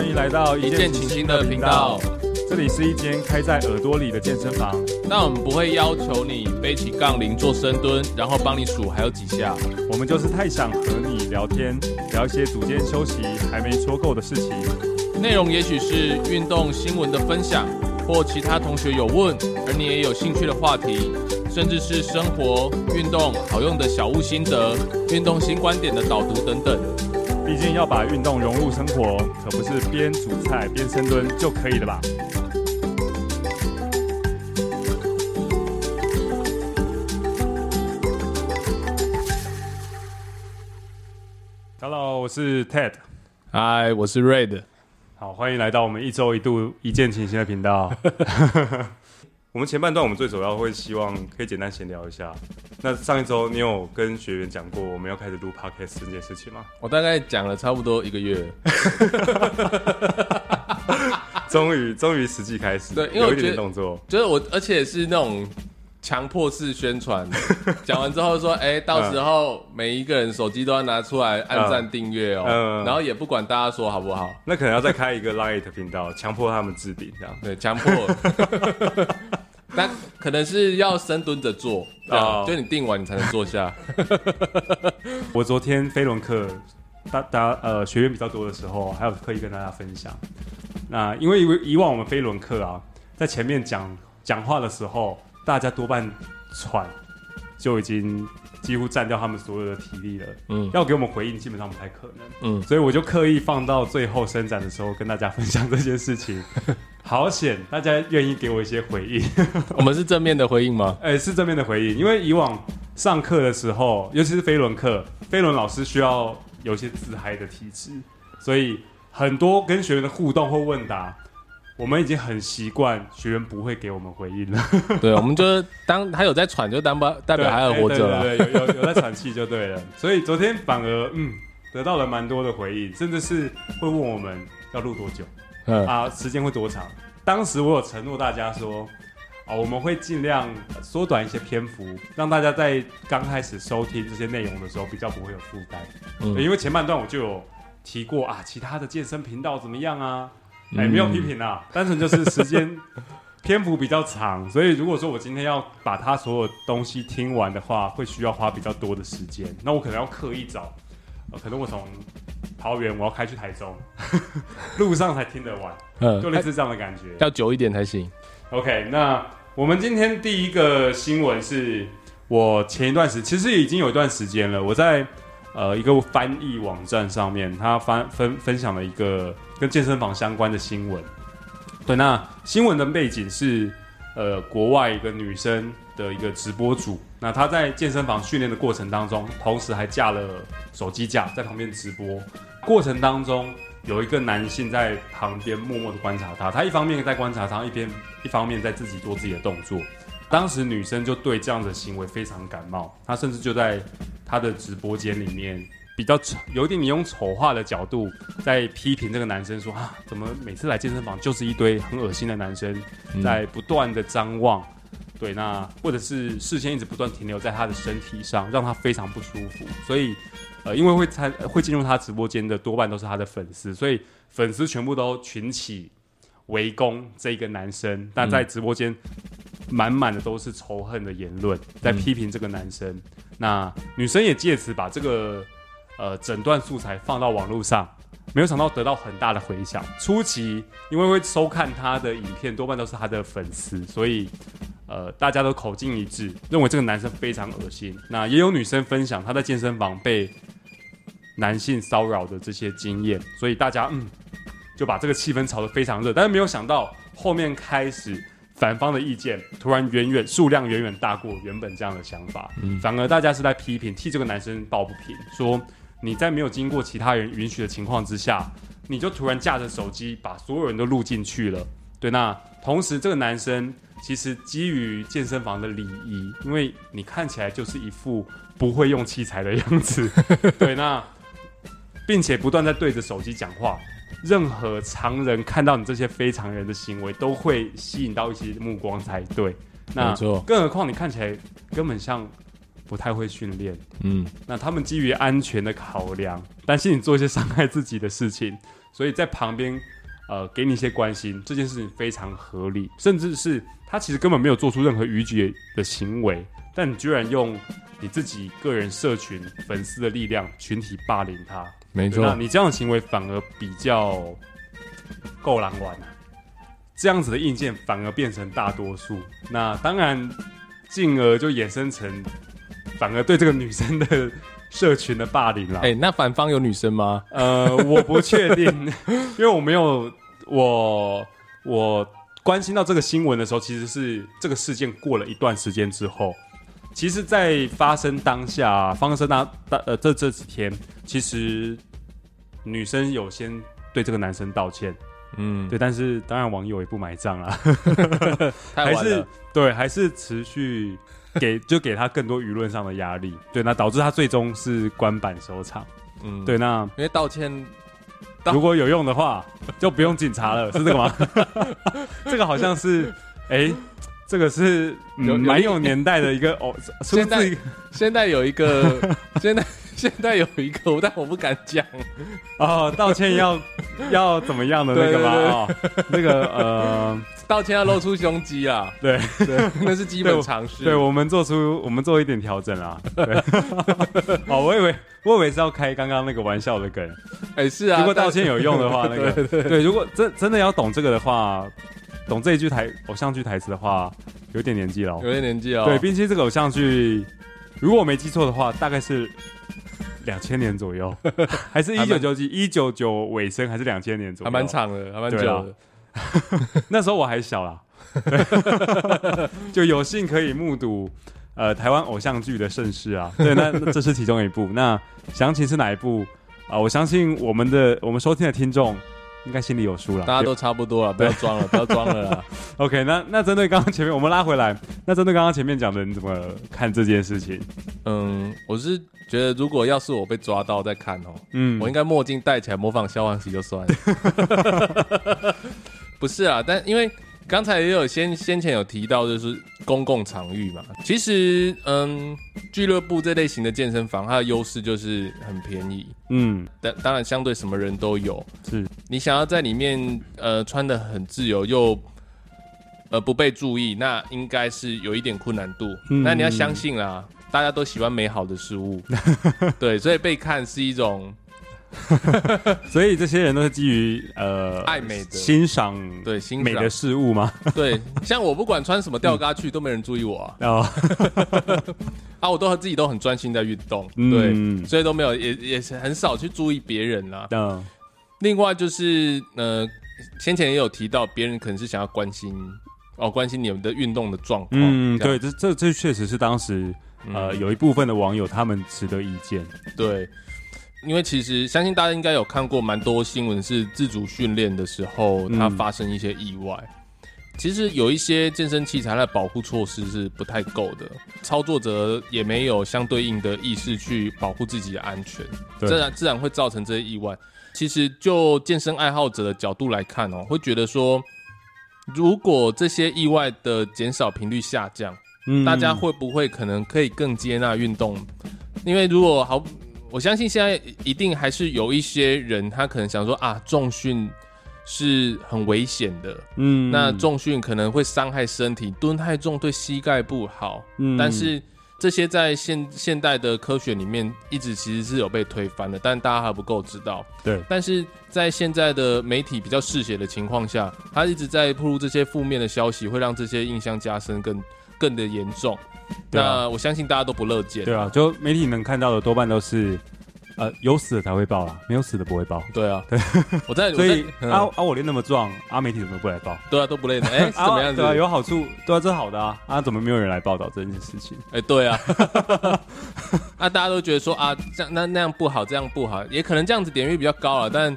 歡迎來到一見傾心的頻道，這裡是一間開在耳朵裡的健身房。那我們不會要求你背起槓鈴做深蹲，然後幫你數還有幾下。我們就是太想和你聊天，聊一些組間休息還沒說夠的事情。內容也許是運動新聞的分享，或其他同學有問而你也有興趣的話題，甚至是生活、運動好用的小物心得、運動新觀點的導讀等等。畢竟要把運動融入生活，可不是邊煮菜邊深蹲就可以的吧？Hello，我是 Ted，Hi，我是 Red，好，歡迎來到我們一周一度一見傾心的頻道。 我們前半段我們最主要會希望可以簡單閒聊一下。那上一周你有跟學員講過我們要開始錄 Podcast 這件事情嗎？我大概講了差不多一個月 終於，終於終於實際開始。對，因為我覺得，有一點動作就是我，而且是那種強迫式宣傳，講 完之後說，哎、欸，到時候每一個人手機都要拿出來按讚訂閱哦，然後也不管大家說好不好。那可能要再開一個 Light 頻道，強迫他們置頂這樣。對，強迫。 但可能是要深蹲着坐， uh... 就你定完你才能坐下 。 我昨天飛輪課，大家呃學員比較多的時候，還有刻意跟大家分享。那因為以往我們飛輪課啊，在前面講講話的時候，大家多半喘就已經幾乎占掉他們所有的體力了。嗯，要給我們回應基本上不太可能。嗯，所以我就刻意放到最後伸展的時候跟大家分享這件事情。 好險，大家願意給我一些回應。 我們是正面的回應嗎？哎、欸，是正面的回應。因為以往上課的時候，尤其是飛輪課，飛輪老師需要有些自嗨的體質，所以很多跟學員的互動或問答，我們已經很習慣學員不會給我們回應了。 對，我們就是當他有在喘，就當代表代表還活着、欸對對對，有有有在喘氣就對了。 所以昨天反而嗯得到了蠻多的回應，甚至是會問我們要錄多久。Huh. 啊，時間會多長？當時我有承諾大家說，啊，我們會盡量呃、縮短一些篇幅，讓大家在剛開始收聽這些內容的時候比較不會有負擔、嗯。因為前半段我就有提過啊，其他的健身頻道怎麼樣啊？哎、嗯欸，沒有批評啊，單純就是時間篇幅比較長， 所以如果說我今天要把它所有東西聽完的話，會需要花比較多的時間。那我可能要刻意找，啊、可能我從。桃園，我要開去台中， 路上才聽得完。嗯、呃，就類似這樣的感覺，要久一點才行。OK，那我們今天第一個新聞是，我前一段時其實已經有一段時間了，我在呃一個翻譯網站上面，他翻分分享了一個跟健身房相關的新聞。對，那新聞的背景是。呃，國外一個女生的一個直播主，那她在健身房訓練的過程當中，同時還架了手機架在旁邊直播。過程當中，有一個男性在旁邊默默的觀察她，他一方面在觀察她，一邊一方面在自己做自己的動作。當時女生就對這樣的行為非常感冒，她甚至就在她的直播間裡面。比較醜，有一點你用醜化的角度在批評這個男生說，說啊，怎麼每次來健身房就是一堆很噁心的男生、嗯、在不斷的張望，對，那或者是視線一直不斷停留在他的身體上，讓他非常不舒服。所以，呃，因為會參會進入他直播間的多半都是他的粉絲，所以粉絲全部都群起圍攻這個男生，但在直播間滿滿的都是仇恨的言論，在批評這個男生。嗯、那女生也借此把這個。呃，整段素材放到網絡上，沒有想到得到很大的回響。初期因為會收看他的影片，多半都是他的粉絲，所以呃，大家都口徑一致，認為這個男生非常惡心。那也有女生分享他在健身房被男性騷擾的這些經驗，所以大家嗯，就把這個氣氛炒得非常熱。但是沒有想到後面開始反方的意見，突然遠遠數量遠遠大過原本這樣的想法，嗯，反而大家是在批評，替這個男生抱不平，說。你在沒有經過其他人允許的情況之下，你就突然架着手機把所有人都錄進去了。對，那同時這個男生其實基於健身房的禮儀，因為你看起來就是一副不會用器材的樣子。 對，那並且不斷在對着手機講話，任何常人看到你這些非常人的行為，都會吸引到一些目光才對。那更何況你看起來根本像。不太會訓練，嗯，那他們基於安全的考量，擔心你做一些傷害自己的事情，所以在旁邊呃給你一些關心，這件事情非常合理。甚至是他其實根本沒有做出任何逾矩的行為，但你居然用你自己個人社群粉絲的力量群體霸凌他，沒錯，你這樣的行為反而比較夠狼玩啊！這樣子的硬件反而變成大多數，那當然，進而就衍生成。反而對這個女生的社群的霸凌了。哎、欸，那反方有女生嗎？呃，我不確定， 因為我沒有我我關心到這個新聞的時候，其實是這個事件過了一段時間之後。其實，在發生當下，發生當、啊、當呃這這幾天，其實女生有先對這個男生道歉，嗯，對，但是當然網友也不買賬啊。還是對，還是持續。 給就給他更多輿論上的壓力，對，那導致他最終是關版收場。嗯，對，那因為道歉道如果有用的話，就不用警察了， 是這個嗎？ 這個好像是，哎、欸，這個是蠻有、嗯、有，有年代的一個，的一個哦一個，現在現在有一個 現在個。現在現在有一個，我但我不敢講。哦，道歉要 要怎麼樣的那個吧對對對對哦，那個呃，道歉要露出胸肌啊？對,對, 對，那是基本常識。對，我們做出我們做一點調整啦。對 哦，我以為我以為是要開剛剛那個玩笑的梗。哎、欸，是啊。如果道歉有用的話，那個對,對,對,對。如果真真的要懂這個的話，懂這一句台偶像劇台詞的話，有點年紀了，有點年紀了、哦。對，並且這個偶像劇，如果我沒記錯的話，大概是。兩千年左右，還是一九九幾，一九九尾聲，還是兩千年左右？還蠻長的，還蠻久的。 那時候我還小啦， 對 就有幸可以目睹、呃、台灣偶像劇的盛世啊。對，那這是其中一部。 那詳情是哪一部啊、呃？我相信我們的我們收聽的聽眾，應該心裡有數了，大家都差不多了，不要裝了，不要裝了， 不要裝了啦。OK，那那針對剛剛前面 我們拉回來，那針對剛剛前面講的，你怎麼看這件事情？嗯，我是覺得如果要是我被抓到再看哦，嗯，我應該墨鏡戴起來模仿消防員就算了， 不是啊？但因為。剛才也有先先前有提到，就是公共場域嘛。其實，嗯，俱樂部這類型的健身房，它的優勢就是很便宜，嗯，但當然相對什麼人都有。是，你想要在裡面呃穿得很自由又呃不被注意，那應該是有一點困難度。嗯。那你要相信啦，大家都喜歡美好的事物， 對，所以被看是一種。 所以這些人都是基於呃，愛美的、欣賞對美的事物嗎對？對，像我不管穿什麼吊嘎去，嗯、都沒人注意我啊。哦、 啊，我都和自己都很專心在運動、嗯，對，所以都沒有也也是很少去注意別人呐、啊嗯。另外就是呃，先前也有提到，別人可能是想要關心哦，關心你們的運動的狀況、嗯。對，這這確實是當時呃，有一部分的網友他們持的意見。嗯、對。因為其實相信大家應該有看過蠻多新聞，是自主訓練的時候它發生一些意外。嗯。其實有一些健身器材的保護措施是不太夠的，操作者也沒有相對應的意識去保護自己的安全，自然自然會造成這些意外。其實就健身愛好者的角度來看哦，會覺得說，如果這些意外的減少頻率下降，嗯，大家會不會可能可以更接納運動？因為如果好。我相信現在一定還是有一些人，他可能想說啊，重訓是很危險的，嗯，那重訓可能會傷害身體，蹲太重對膝蓋不好。嗯，但是這些在現現代的科學裡面，一直其實是有被推翻的，但大家還不夠知道。對，但是在現在的媒體比較嗜血的情況下，他一直在曝出這些負面的消息，會讓這些印象加深更。更的嚴重，那、啊、我相信大家都不樂見。對啊，就媒體能看到的多半都是，呃，有死的才會報啦，沒有死的不會報。對啊，對，我在 所以阿阿我練、啊、那麼壯，阿、啊、媒體怎麼不來報？對啊，都不累的。 哎，怎麼樣子、啊？對啊，有好處，對啊，這好的啊。啊，怎麼沒有人來報道這件事情？哎，對啊， 那大家都覺得說啊，這樣那那樣不好，這樣不好，也可能這樣子點率比較高了，但。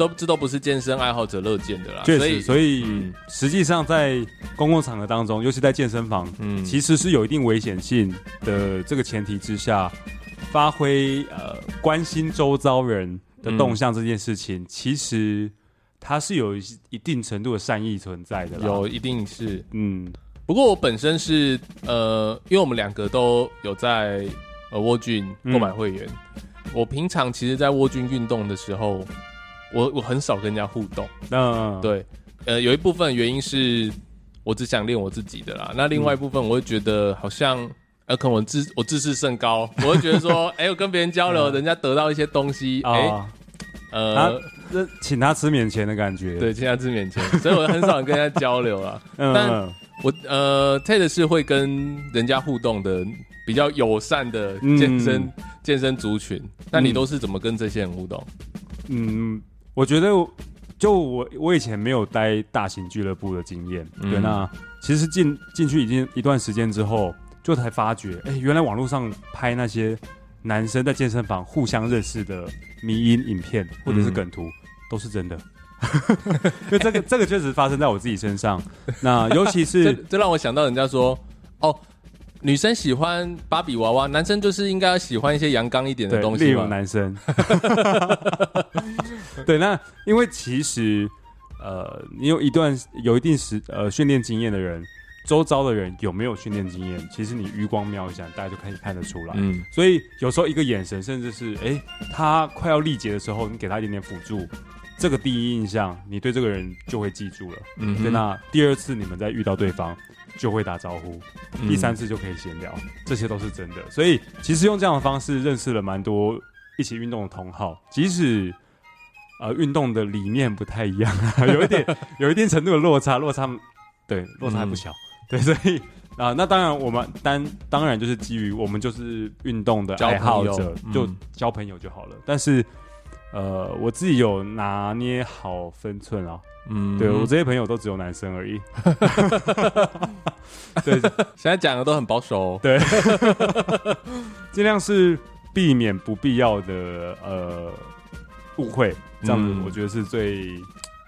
都這都不是健身愛好者樂見的啦。確實，所以，所以、嗯、實際上在公共場合當中，尤其是在健身房，嗯，其實是有一定危險性的。這個前提之下，發揮呃關心周遭人的動向這件事情，嗯、其實它是有一定程度的善意存在的。有，一定是嗯。不過我本身是呃，因為我們兩個都有在呃沃君購買會員、嗯，我平常其實，在沃君運動的時候。我我很少跟人家互動，嗯。對，呃，有一部分原因是，我只想練我自己的啦。那另外一部分，我會覺得好像，呃，可能我自我自視甚高，我會覺得說，哎、嗯欸，我跟別人交流、嗯，人家得到一些東西，哎、哦欸，呃，那、呃、請他吃免錢的感覺，對，請他吃免錢，所以我很少跟人家交流啊、嗯。但、嗯、我呃 TED 是會跟人家互動的，比較友善的健身、嗯、健身族群。那你都是怎麼跟這些人互動？嗯。我覺得，就我我以前沒有待大型俱樂部的經驗、嗯，對，那其實進進去已經一段時間之後，就才發覺，哎、欸，原來網絡上拍那些男生在健身房互相認識的迷因影片、嗯、或者是梗圖都是真的， 因為這個這個確實發生在我自己身上， 那尤其是 這，這讓我想到人家說，哦。女生喜歡芭比娃娃，男生就是應該要喜歡一些陽剛一點的東西嘛。例如男生， 對那，因為其實，呃，你有一段有一定時呃訓練經驗的人，周遭的人有沒有訓練經驗，其實你餘光瞄一下，大家就可以看得出來。嗯，所以有時候一個眼神，甚至是哎，他快要力竭的時候，你給他一點點輔助，這個第一印象，你對這個人就會記住了。嗯，那第二次你們再遇到對方。就會打招呼，第三次就可以閒聊、嗯，這些都是真的。所以其實用這樣的方式認識了蠻多一起運動的同好，即使呃運動的理念不太一樣， 有一點有一定程度的落差，落差對落差還不小。嗯、對，所以啊，那當然我們單，當然就是基於我們就是運動的愛好者、嗯，就交朋友就好了。但是。呃，我自己有拿捏好分寸啊，嗯，對我這些朋友都只有男生而已， 對，現在講的都很保守哦，對，盡 量是避免不必要的呃誤會，這樣子我覺得是最。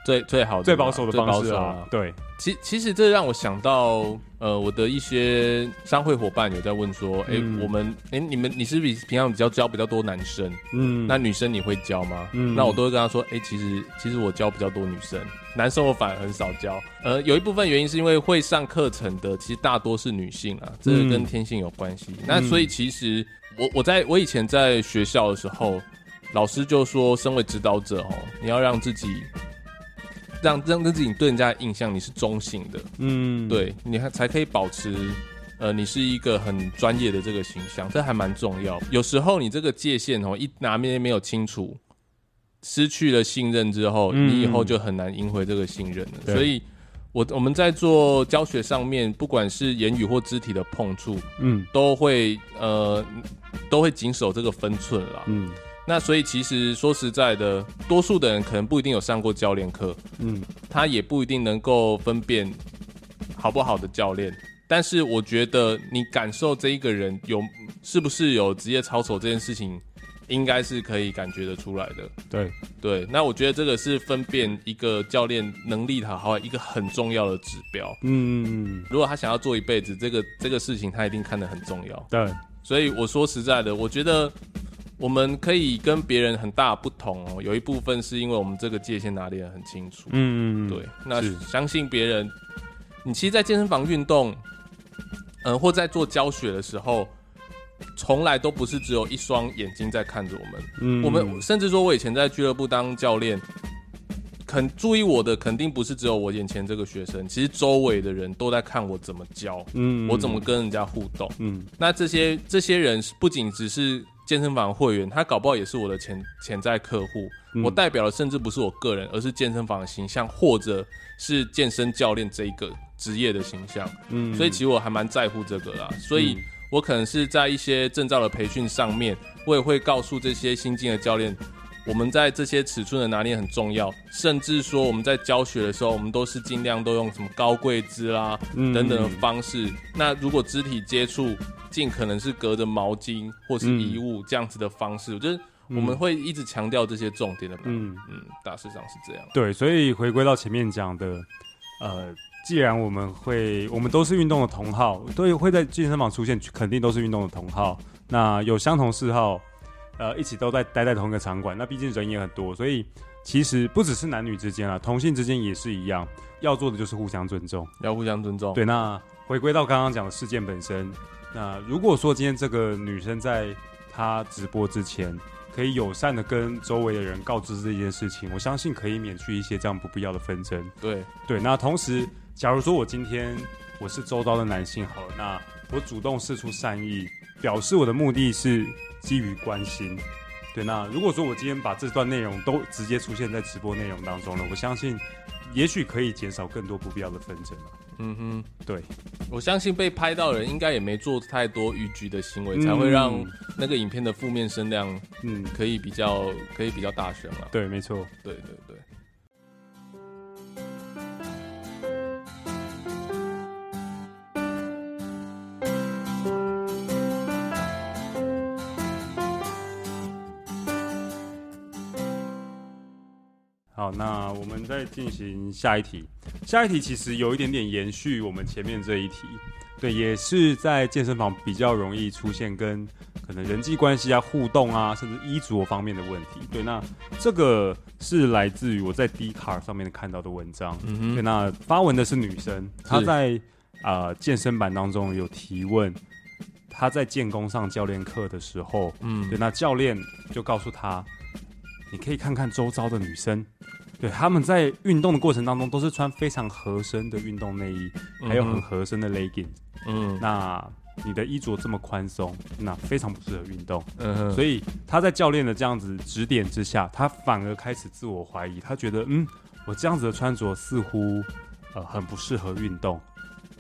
最最好的最保守的方式啊！對，其其實這讓我想到，呃，我的一些商會夥伴有在問說，哎、嗯欸，我們，哎、欸，你們，你是不是平常比較教比較多男生？嗯，那女生你會教嗎？嗯，那我都會跟他說，哎、欸，其實其實我教比較多女生，男生我反而很少教。呃，有一部分原因是因為會上課程的其實大多是女性啊、嗯，這是、個、跟天性有關係、嗯。那所以其實我我在我以前在學校的時候，老師就說，身為指導者哦，你要讓自己。讓讓讓自己對人家的印象你是中性的，嗯，對，你還才可以保持，呃，你是一個很專業的這個形象，這還蠻重要。有時候你這個界限哦，喔，一拿捏沒有清楚，失去了信任之後，嗯，你以後就很難贏回這個信任了。所以我，我我們在做教學上面，不管是言語或肢體的碰觸，嗯，都會呃都會謹守這個分寸啦。嗯。那所以，其實說實在的，多數的人可能不一定有上過教練課，嗯，他也不一定能夠分辨，好不好的教練。但是我覺得，你感受這一個人有是不是有職業操守這件事情，應該是可以感覺得出來的。對對，那我覺得這個是分辨一個教練能力的好壞一個很重要的指標。嗯,嗯,嗯，如果他想要做一輩子這個這個事情，他一定看得很重要。對，所以我說實在的，我覺得。我們可以跟別人很大的不同哦，有一部分是因為我們這個界限拿捏的很清楚。嗯嗯，嗯對。那相信別人，你其實，在健身房運動，嗯、呃，或在做教學的時候，從來都不是只有一雙眼睛在看着我們。嗯。我們甚至說我以前在俱樂部當教練，肯注意我的肯定不是只有我眼前這個學生，其實周圍的人都在看我怎麼教。嗯，嗯。我怎麼跟人家互動？嗯。那這些這些人不僅只是。健身房會員，他搞不好也是我的潛潛在客戶、嗯。我代表的甚至不是我個人，而是健身房的形象，或者是健身教練這一個職業的形象。嗯，所以其實我還蠻在乎這個啦。所以、嗯、我可能是在一些證照的培訓上面，我也會告訴這些新進的教練，我們在這些尺寸的拿捏很重要。甚至說我們在教學的時候，我們都是盡量都用什麼高跪姿，啦、嗯、等等的方式。那如果肢體接觸，盡可能是隔着毛巾或是衣物這樣子的方式、嗯，就是我們會一直強調這些重點的。嗯嗯，大致上是這樣、啊。對，所以回歸到前面講的，呃，既然我們會，我們都是運動的同好，對，會在健身房出現，肯定都是運動的同好。那有相同嗜好，呃，一起都在待，待在同一個場館，那畢竟人也很多，所以其實不只是男女之間啊，同性之間也是一樣。要做的就是互相尊重，要互相尊重。對，那回歸到剛剛講的事件本身。那如果說今天這個女生在她直播之前，可以友善地跟周圍的人告知這件事情，我相信可以免去一些這樣不必要的紛爭。對對，那同時，假如說我今天我是周遭的男性好了，那我主動釋出善意，表示我的目的是基於關心。對，那如果說我今天把這段內容都直接出現在直播內容當中了，我相信也許可以減少更多不必要的紛爭。嗯哼，對，我相信被拍到的人應該也沒做太多逾矩的行為，嗯，才會讓那個影片的負面聲量，嗯，可以比較，嗯，可以比較大聲嘛？對，沒錯，對對對。那我們再進行下一題。下一題其實有一點點延續我們前面這一題，對，也是在健身房比較容易出現跟可能人際關係啊、互動啊，甚至衣着方面的問題。對，那這個是來自於我在 D 卡上面看到的文章。嗯哼。對，那發文的是女生，她在啊、呃、健身版當中有提問，她在建功上教練課的時候，嗯，對，那教練就告訴她，你可以看看周遭的女生。對，他們在運動的過程當中都是穿非常合身的運動內衣，嗯、還有很合身的 leggings。嗯，那你的衣着這麼寬鬆，那非常不適合運動。嗯哼，所以他在教練的這樣子指點之下，他反而開始自我懷疑，他覺得，嗯，我這樣子的穿着似乎，呃，很不適合運動。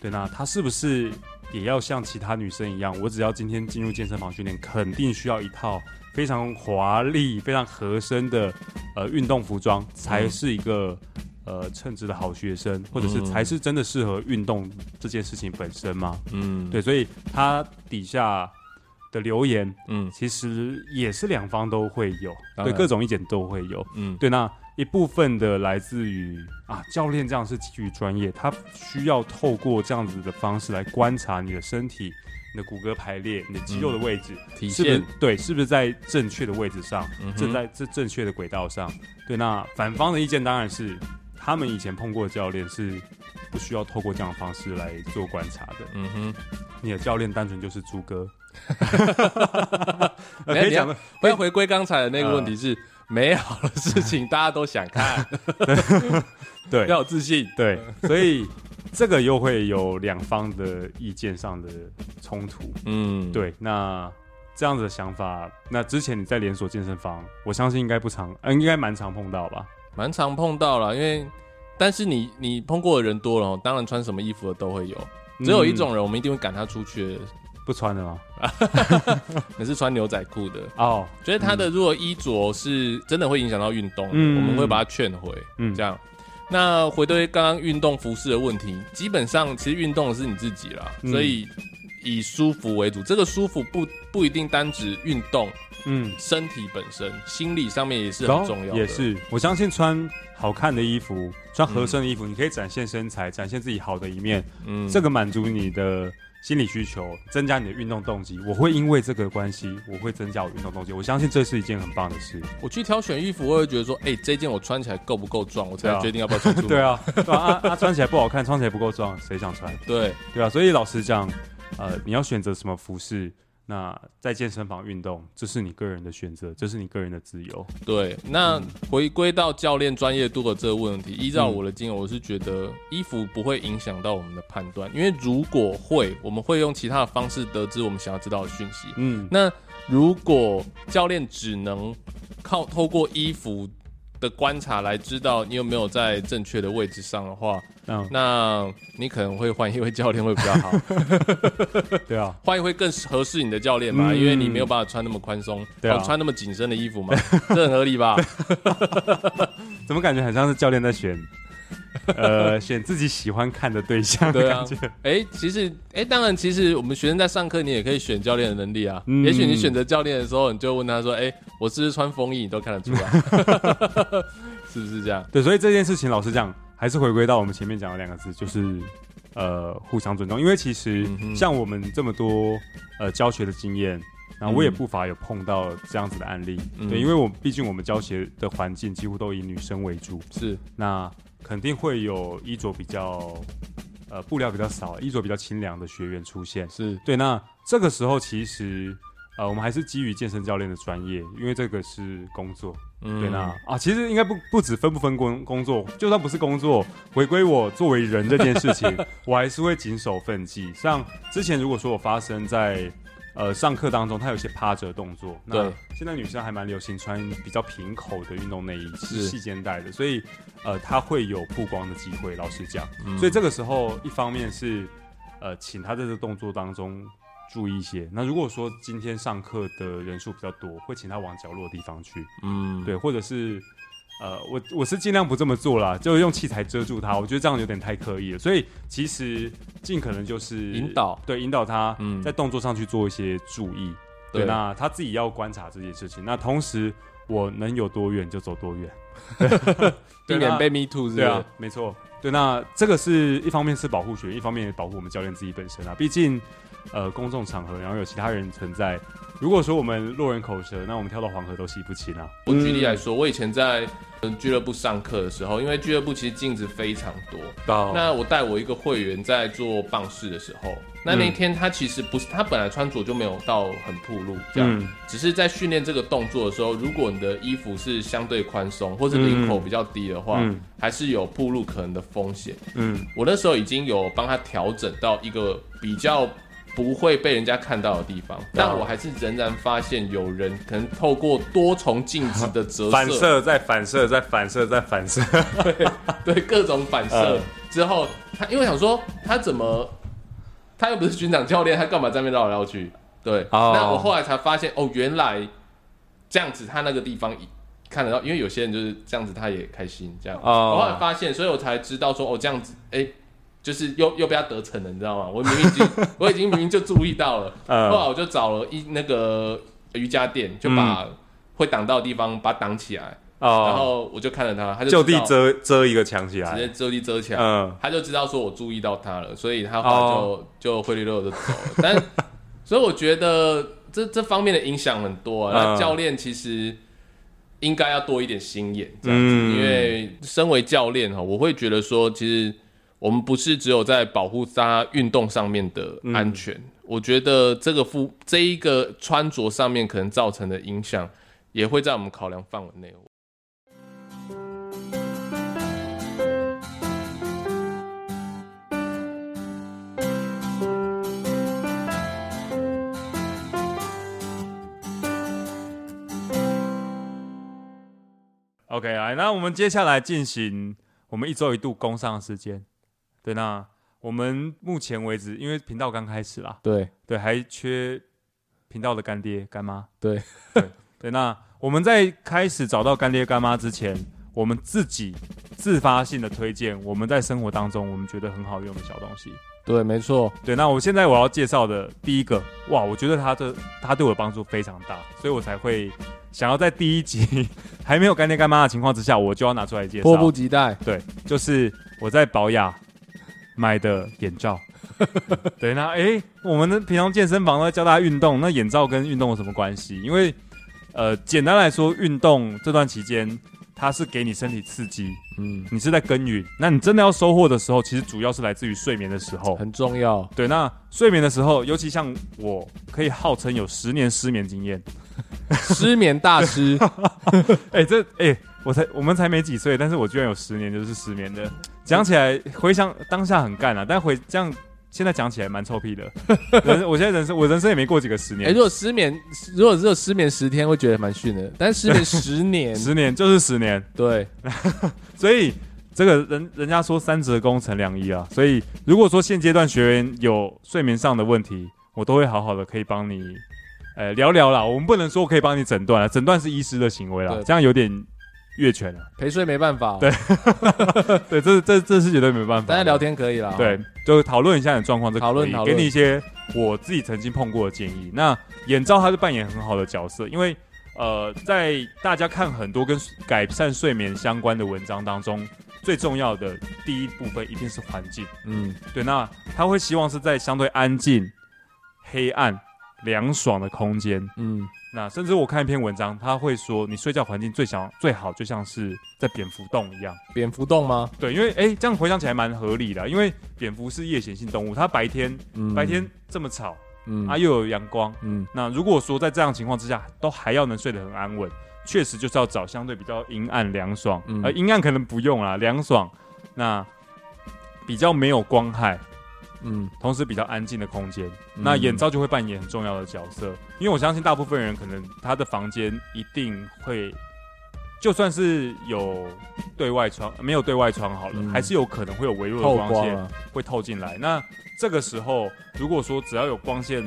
對，那他是不是也要像其他女生一樣？我只要今天進入健身房訓練，肯定需要一套。非常華麗、非常合身的呃運動服裝才是一個、嗯、呃稱職的好學生，或者是才是真的適合運動這件事情本身嗎？嗯，對，所以他底下的留言，嗯，其實也是兩方都會有，對，各種意見都會有，嗯，對，那一部分的來自於啊教練這樣是基於專業，他需要透過這樣子的方式來觀察你的身體。你的骨骼排列，你的肌肉的位置，體現是不是？對，是不是在正確的位置上？嗯哼、正在這正確的軌道上。對，那反方的意見當然是，他們以前碰過的教練是不需要透過這樣的方式來做觀察的。嗯哼，你的教練單純就是豬哥。 呃、沒有講的，我要回歸剛才的那個問題是：美、呃、好的事情大家都想看。 對，要有自信。對，所以。這個又會有兩方的意見上的衝突，嗯，對，那這樣子的想法，那之前你在連鎖健身房，我相信應該不常，嗯、呃，應該蠻常碰到吧，蠻常碰到啦，因為但是你你碰過的人多了，當然穿什麼衣服的都會有，只有一種人我們一定會趕他出去的。嗯，不穿的嗎？ 你是穿牛仔褲的哦，所、oh, 以他的如果衣着是真的會影響到運動。嗯，我們會把他勸回，嗯，這樣。那回到剛剛運動服飾的問題，基本上其實運動的是你自己啦。嗯、所以以舒服為主。這個舒服不不一定單指運動，嗯，身體本身、心理上面也是很重要的。也是，我相信穿好看的衣服、穿合身的衣服、嗯，你可以展現身材，展現自己好的一面。嗯，這個滿足你的心理需求，增加你的運動動機，我會因為這個關係，我會增加我運動動機。我相信這是一件很棒的事。我去挑選衣服，我會覺得說，哎、 欸，這件我穿起來夠不夠壯，我才決定要不要穿出 對、啊。對啊，啊 啊， 啊啊穿起來不好看，穿起來不夠壯，誰想穿？對，對啊。所以老實講，呃，你要選擇什麼服飾？那在健身房運動，這是你個人的選擇，這是你個人的自由。對，那回歸到教練專業度的這個問題，依照我的經驗，我是覺得衣服不會影響到我們的判斷，因為如果會，我們會用其他的方式得知我們想要知道的訊息。嗯，那如果教練只能靠透過衣服，的觀察來知道你有沒有在正確的位置上的話，嗯，那你可能會換一位教練會比較好， 對啊，換一位更合適你的教練嘛，嗯，因為你沒有辦法穿那麼寬鬆，對啊，穿那麼緊身的衣服嘛， 這很合理吧？ 怎麼感覺很像是教練在選？ 呃，選自己喜歡看的對象的感覺，對啊。哎、欸，其實，哎、欸，當然，其實我們學生在上課，你也可以選教練的能力啊。嗯、也許你選擇教練的時候，你就問他說：“哎、欸，我是不是穿風衣，你都看得出來， 是不是這樣？”對，所以這件事情，老實講，還是回歸到我們前面講的兩個字，就是呃，互相尊重。因為其實、嗯、像我們這麼多呃教學的經驗，然後我也不乏有碰到這樣子的案例。嗯、對、嗯，因為我畢竟我們教學的環境幾乎都以女生為主，是那。肯定會有衣着比較，呃，布料比較少、衣着比較清涼的學員出現。是對，那這個時候其實，呃，我們還是基於健身教練的專業，因為這個是工作。嗯，對，那，啊，其實應該不不止分不分工工作，就算不是工作，回歸我作為人這件事情， 我還是會謹守分際。像之前如果說我發生在。呃，上課當中他有一些趴着動作，那現在女生還蠻流行穿比較平口的運動內衣，是細，是細肩帶的，所以呃，她會有曝光的機會，老實講。嗯，所以這個時候一方面是呃，請他在這個動作當中注意一些。那如果說今天上課的人數比較多，會請他往角落的地方去，嗯，對，或者是。呃，我我是盡量不這麼做啦，就用器材遮住他，我覺得這樣有點太刻意了。所以其實盡可能就是引導，對引導他，在動作上去做一些注意。對，對那他自己要觀察這件事情。那同時，我能有多遠就走多遠，避 免被 me too。 對啊，沒錯。對，那這個是一方面是保護學員，一方面也保護我們教練自己本身啊，畢竟。呃，公眾場合，然後有其他人存在。如果說我們落人口舌，那我們跳到黃河都洗不清啊。我舉例來說，我以前在呃俱樂部上課的時候，因為俱樂部其實鏡子非常多。到那我帶我一個會員在做棒式的時候，那那天他其實不是、嗯、他本來穿着就沒有到很暴露這樣，嗯、只是在訓練這個動作的時候，如果你的衣服是相對寬鬆，或者領口比較低的話，嗯、還是有暴露可能的風險。嗯，我那時候已經有幫他調整到一個比較。不會被人家看到的地方，但我還是仍然發現有人可能透過多重鏡子的折射、 反射、再反射、再反射、再反射 對，對各種反射之後，他、呃、因為想說他怎麼，他又不是軍長教練，他幹嘛在那邊繞來繞去？對、哦，那我後來才發現哦，原來這樣子，他那個地方看得到，因為有些人就是這樣子，他也開心這樣、哦。我後來發現，所以我才知道說哦，這樣子，哎、欸。就是又又被他得逞了，你知道嗎？我明明就， 我已經明明就注意到了。後來我就找了一那個瑜伽墊，就把會擋到的地方、嗯、把它擋起來、嗯。然後我就看着他，他就就地遮遮一個牆起來，直接就地遮起來。嗯，他就知道說我注意到他了，所以他後來就、哦、就灰溜溜的走了。但 所以我覺得這這方面的影響很多、啊。那、嗯、教練其實應該要多一點心眼這樣子，嗯，因為身為教練哈，我會覺得說其實。我們不是只有在保護大家運動上面的安全，嗯、我覺得這個服這一個穿着上面可能造成的影響，也會在我們考量範圍內。OK，來，那我們接下來進行我們一周一度工商時間。對，那我們目前為止，因為頻道剛開始啦，對對，還缺頻道的乾爹乾媽。對 對，那我們在開始找到乾爹乾媽之前，我們自己自發性的推薦我們在生活當中我們覺得很好用的小東西。對，沒錯。對，那我現在我要介紹的第一個，哇，我覺得他的他對我的幫助非常大，所以我才會想要在第一集還沒有乾爹乾媽的情況之下，我就要拿出來介紹，迫不及待。對，就是我在保養。買的眼罩， 對，那哎、欸，我們呢平常健身房在教大家運動，那眼罩跟運動有什麼關係？因為，呃，簡單來說，運動這段期間，它是給你身體刺激，嗯，你是在耕耘，那你真的要收穫的時候，其實主要是來自於睡眠的時候，很重要。對，那睡眠的時候，尤其像我可以號稱有十年失眠經驗， 失眠大師，哎、 欸，這哎、欸，我才我們才沒幾歲，但是我居然有十年就是失眠的。講起來，回想當下很幹啦，啊，但回這樣現在講起來蠻臭屁的。人， 我現在人生，我人生也沒過幾個十年。哎，欸，如果失眠，如果只有失眠十天，會覺得蠻遜的。但失眠十年， 十年就是十年。對， 所以這個人人家說三折工程兩醫啊，所以如果說現階段學員有睡眠上的問題，我都會好好的可以幫你，欸，聊聊啦。我們不能說可以幫你診斷了，診斷是醫師的行為啦，這樣有點。越權了，陪睡沒辦法，對， 對，這這這，這是絕對沒辦法。大家聊天可以啦，對，哦、就討論一下你狀況，這可以討論討論，給你一些我自己曾經碰過的建議。那眼罩它是扮演很好的角色，因為呃，在大家看很多跟改善睡眠相關的文章當中，最重要的第一部分一定是環境，嗯，對，那他會希望是在相對安靜、黑暗、涼爽的空間，嗯。那甚至我看一篇文章，他會說，你睡覺環境最想最好就像是在蝙蝠洞一樣。蝙蝠洞嗎？對，因為哎，這樣回想起來蠻合理的。因為蝙蝠是夜行性動物，它白天、嗯、白天這麼吵，嗯、啊又有陽光、嗯，那如果說在這樣情況之下都還要能睡得很安穩，確實就是要找相對比較陰暗涼爽。嗯、而陰暗可能不用啦，涼爽那比較沒有光害。嗯，同時比較安靜的空間，嗯，那眼罩就會扮演很重要的角色。嗯、因為我相信，大部分人可能他的房間一定會，就算是有對外窗，沒有對外窗好了，嗯、還是有可能會有微弱的光線會透進來透光了。那這個時候，如果說只要有光線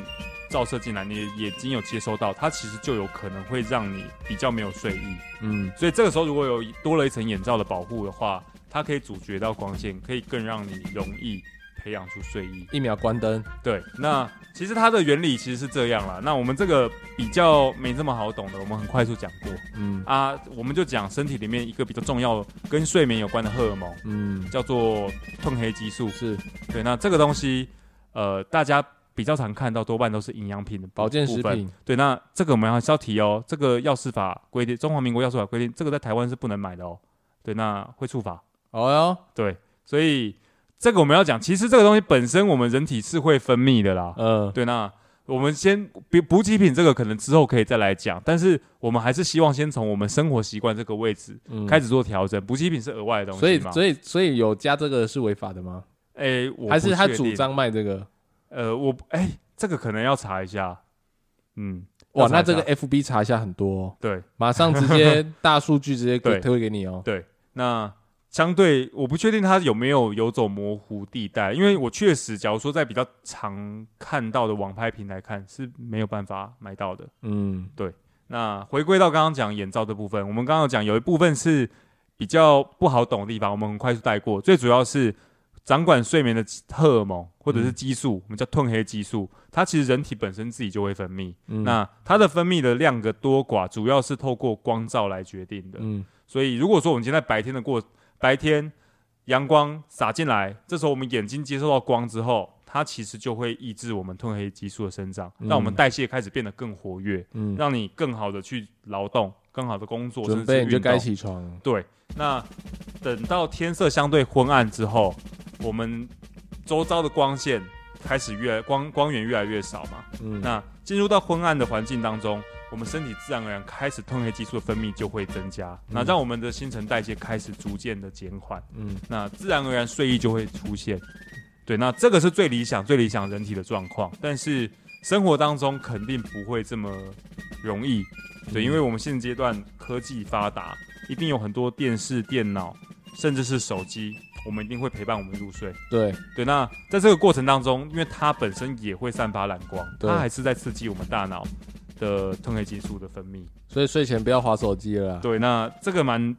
照射進來，你眼睛有接收到，它其實就有可能會讓你比較沒有睡意。嗯，所以這個時候如果有多了一層眼罩的保護的話，它可以阻絕到光線，可以更讓你容易，培養出睡意，一秒關燈。對，那其實它的原理其實是這樣啦。那我們這個比較沒這麼好懂的，我們很快速講過。嗯啊，我們就講身體裡面一個比較重要跟睡眠有關的荷爾蒙，嗯，叫做褪黑激素。是，對，那這個東西，呃，大家比較常看到多半都是營養品的保健食品。對，那這個我們還是要提哦。這個藥事法規定，中華民國藥事法規定，這個在台灣是不能買的哦。對，那會處罰。哦喲，對，所以。這個我們要講，其實這個東西本身我們人體是會分泌的啦。嗯、呃，對。那我們先補補給品，這個可能之後可以再來講。但是我們還是希望先從我們生活習慣這個位置開始做調整。補、嗯、給品是額外的東西。所以所以所以有加這個是違法的嗎？哎、欸，還是他主張賣這個？呃，我哎、欸，這個可能要查一下。嗯，哇，那這個 FB 查一下很多、哦。對，馬上直接大數據直接給 推給你哦。對，那。相對我不確定它有沒有游走模糊地帶，因為我確實假如說在比較常看到的網拍平台看是沒有辦法買到的。嗯，對。那回歸到剛剛講眼罩的部分，我們剛剛講有一部分是比較不好懂的地方，我們很快速帶過。最主要是掌管睡眠的荷爾蒙或者是激素，嗯、我們叫褪黑激素，它其實人體本身自己就會分泌。嗯、那它的分泌的量的多寡，主要是透過光照來決定的。嗯，所以如果說我們今天在白天的過白天陽光灑進來，這時候我們眼睛接收到光之後，它其實就會抑制我們褪黑激素的生長，嗯，讓我們代謝開始變得更活躍，嗯，讓你更好的去勞動，更好的工作，準備甚至是運動就該起床。對，那等到天色相對昏暗之後，我們周遭的光線。開始越來光光源越來越少嘛，嗯，那進入到昏暗的環境當中，我們身體自然而然開始褪黑激素的分泌就會增加，嗯、那讓我們的新陳代謝開始逐漸的減緩，嗯，那自然而然睡意就會出現，嗯、對，那這個是最理想最理想人體的狀況，但是生活當中肯定不會這麼容易，對，嗯、因為我們現階段科技發達，一定有很多電視、電腦，甚至是手機。我們一定會陪伴我們入睡。對對，那在這個過程當中，因為它本身也會散發藍光。對，它還是在刺激我們大腦的褪黑激素的分泌。所以睡前不要滑手機了。對，那這個蠻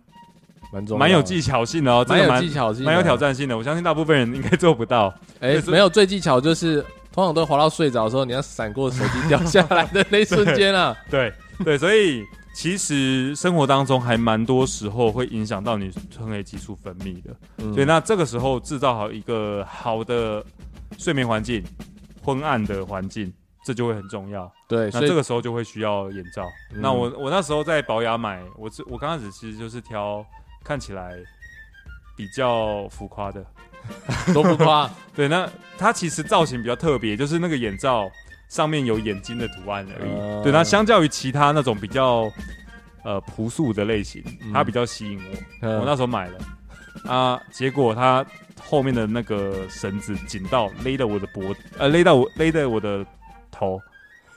蠻重要的，蠻有技巧性的哦，蠻、這個、有技巧性，蠻有挑戰性的。我相信大部分人應該做不到。哎、欸，沒有最技巧，就是通常都滑到睡着的時候，你要閃過手機掉下來的那一瞬間啊。對 對，對對 所以。其實生活當中還蠻多時候會影響到你褪黑激素分泌的。嗯，所以那這個時候制造好一個好的睡眠環境，昏暗的環境，這就會很重要。對，那這個時候就會需要眼罩。嗯、那我我那時候在寶雅買，我是我剛開始其實就是挑看起來比較浮誇的，都不誇。 對，那它其實造型比較特別，就是那個眼罩。上面有眼睛的圖案而已、uh...，對。它相較於其他那種比較呃樸素的類型，它比較吸引我，嗯、我那時候買了 啊。結果它後面的那個繩子緊到勒到我的脖，呃勒到我勒到我的頭，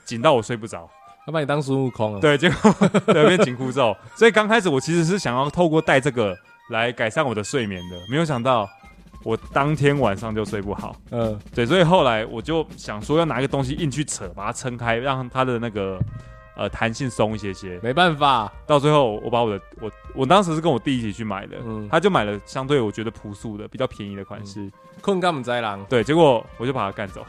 緊到我睡不着。他把你當孫悟空了，對，結果對，變緊箍咒。 所以剛開始我其實是想要透過戴這個來改善我的睡眠的，沒有想到。我當天晚上就睡不好，嗯、呃，對，所以後來我就想說要拿一個東西硬去扯，把它撐開，讓它的那個呃彈性鬆一些些。沒辦法，到最後我把我的我我當時是跟我弟弟一起去買的，嗯，他就買了相對我覺得樸素的、比較便宜的款式，困干我災狼，對，結果我就把它幹走，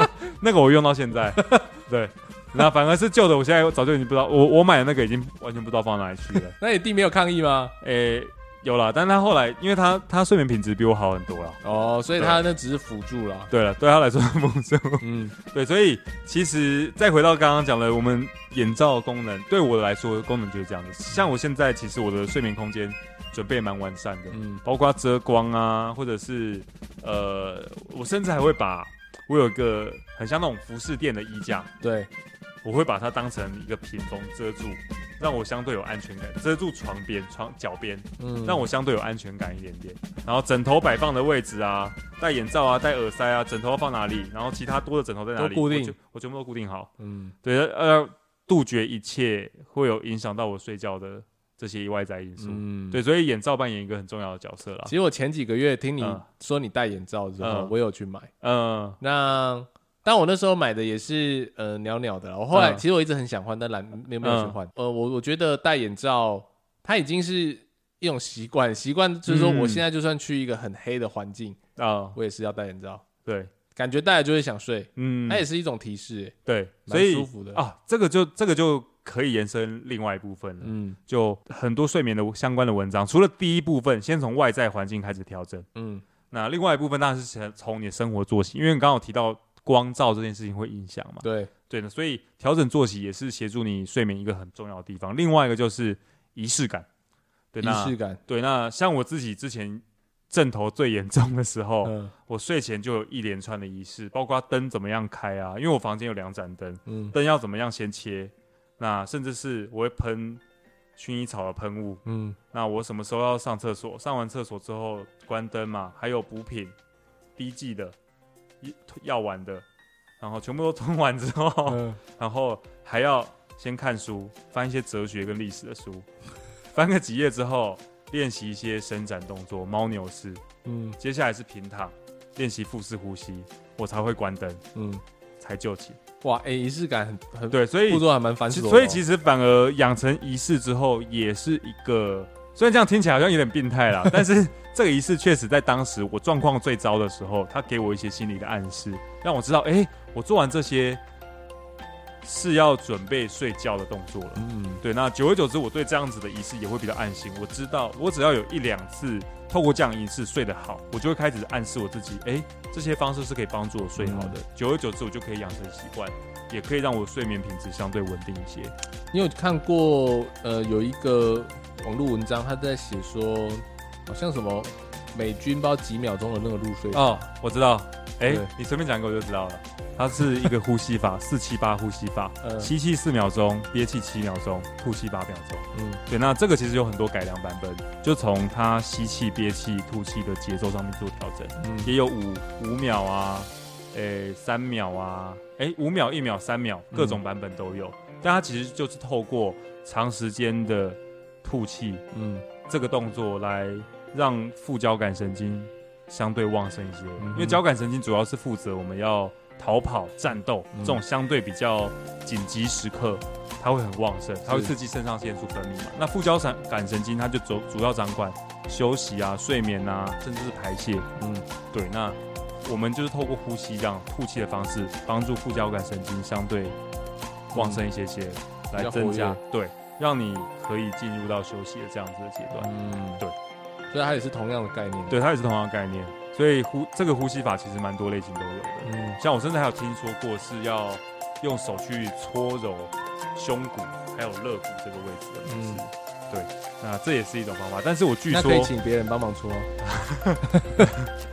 那個我用到現在， 對，那反而是舊的，我現在早就已經不知道，我我買的那個已經完全不知道放哪裡去了。 那你弟沒有抗議嗎？誒、欸。有啦，但是他後來，因為他他睡眠品質比我好很多了。哦，所以他那只是輔助了。對了，對他來說是輔助。嗯，對，所以其實再回到剛剛講的，我們眼罩的功能對我的來說功能就是這樣子。像我現在其實我的睡眠空間準備蠻完善的，嗯，包括遮光啊，或者是呃，我甚至還會把，我有一個很像那種服飾店的衣架，對，我會把它當成一個屏風遮住。讓我相對有安全感，遮住床邊、床腳邊，嗯，讓我相對有安全感一點點。然後枕頭擺放的位置啊，戴眼罩啊，戴耳塞啊，枕頭要放哪裡？然後其他多的枕頭在哪裡，固定，我全部都固定好。嗯，對，呃，杜絕一切會有影響到我睡覺的這些外在因素。嗯，對，所以眼罩扮演一個很重要的角色了。其實我前幾個月聽你說你戴眼罩之後，嗯、我有去買。嗯，那。但我那時候買的也是呃，鳥鳥的，我後來其實我一直很想換，嗯，但懶沒有去換。呃，我我覺得戴眼罩它已經是一種習慣，習慣就是說我現在就算去一個很黑的環境啊，嗯，我也是要戴眼罩。對，嗯，感覺戴了就會想睡，嗯，它也是一種提示，嗯。對，所以舒服的啊，這個就這個就可以延伸另外一部分了。嗯，就很多睡眠的相關的文章，除了第一部分，先從外在環境開始調整。嗯，那另外一部分當然是從從你的生活作息，因為剛剛我提到。光照這件事情會影響嘛？對對的，所以調整作息也是協助你睡眠一個很重要的地方。另外一個就是儀式感，對，儀式感。對，那像我自己之前陣頭最嚴重的時候、嗯，我睡前就有一連串的儀式，包括燈怎麼樣開啊，因為我房間有兩盞燈，燈、嗯、要怎麼樣先切，那甚至是我會噴薰衣草的噴霧，嗯，那我什麼時候要上廁所，上完廁所之後關燈嘛，還有補品，低 G 的。要玩的，然後全部都吞完之後、嗯，然後還要先看書，翻一些哲學跟歷史的書，翻個幾頁之後，練習一些伸展動作，貓牛式，嗯，接下來是平躺，練習腹式呼吸，我才會關燈，嗯，才就寢。哇，欸，儀式感很很，對，所以步驟還蠻繁瑣，所以其實反而養成儀式之後，嗯、也是一個。雖然這樣聽起來好像有點病態啦， 但是這個儀式確實在當時我狀況最糟的時候，他給我一些心理的暗示，讓我知道，哎、欸，我做完這些是要準備睡覺的動作了。嗯，對。那久而久之，我對這樣子的儀式也會比較安心。我知道，我只要有一兩次透過這樣儀式睡得好，我就會開始暗示我自己，哎、欸，這些方式是可以幫助我睡好的。嗯、久而久之，我就可以養成習慣。也可以讓我睡眠品質相對穩定一些。你有看過呃有一個網絡文章，他在寫說，好像什麼美軍包幾秒鐘的那個入睡哦，我知道，哎、欸，你隨便講一個我就知道了。它是一個呼吸法，四七八呼吸法，呃、吸氣四秒鐘，憋氣七秒鐘，吐氣八秒鐘。嗯，對，那這個其實有很多改良版本，就從它吸氣、憋氣、吐氣的節奏上面做調整，嗯，也有五五秒啊。誒，三秒啊，誒，五秒、一秒、三秒、嗯，各種版本都有。但它其實就是透過長時間的吐氣，嗯，這個動作來讓副交感神經相對旺盛一些。嗯、因為交感神經主要是負責我們要逃跑、戰鬥、嗯、這種相對比較緊急時刻，它會很旺盛，它會刺激腎上腺素分泌嘛。那副交感神經它就主主要掌管休息啊、睡眠啊，甚至是排洩嗯。嗯，對，那。我們就是透過呼吸這樣吐氣的方式，幫助副交感神經相對旺盛一些些，嗯、來增加對，讓你可以進入到休息的這樣子的階段。嗯，對，所以它也是同樣的概念，對，它也是同樣的概念。所以呼這個呼吸法其實蠻多類型都有的，嗯、像我真的還有聽說過是要用手去搓揉胸骨還有肋骨這個位置的其實。嗯對，那這也是一種方法，但是我據說可以請別人幫忙搓、啊，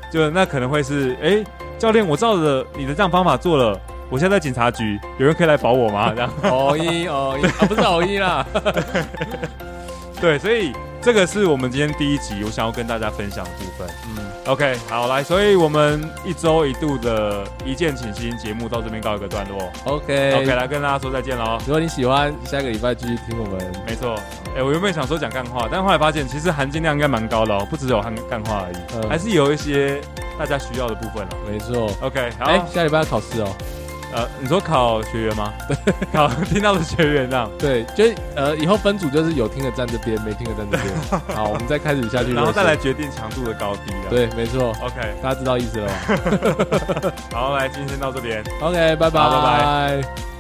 就那可能會是，哎，教練，我照着你的這樣方法做了，我現在在警察局，有人可以來保我嗎？這樣？哦一哦一、啊、不是哦一啦， 對，所以。這個是我們今天第一集，我想要跟大家分享的部分。嗯，OK，好，來，所以我們一周一度的一見傾心節目到這邊告一個段落。OK、OK、okay, okay, 來跟大家說再見嘍。如果你喜歡，下個禮拜繼續聽我們。沒錯，哎、欸，我原本想說講幹話，但後來發現其實含金量應該蠻高的哦，不只有幹幹話而已、嗯，還是有一些大家需要的部分了、哦。沒錯，OK，好、啊欸，下禮拜要考試哦。呃，你說考學員嗎？對， 考聽到的學員吶。對，就是呃，以後分組就是有聽的站這邊，沒聽的站這邊。 好，我們再開始下去。然後再來決定強度的高低。對，沒錯。OK，大家知道意思了嗎？ 好，來，今天到這邊。OK，拜拜拜拜。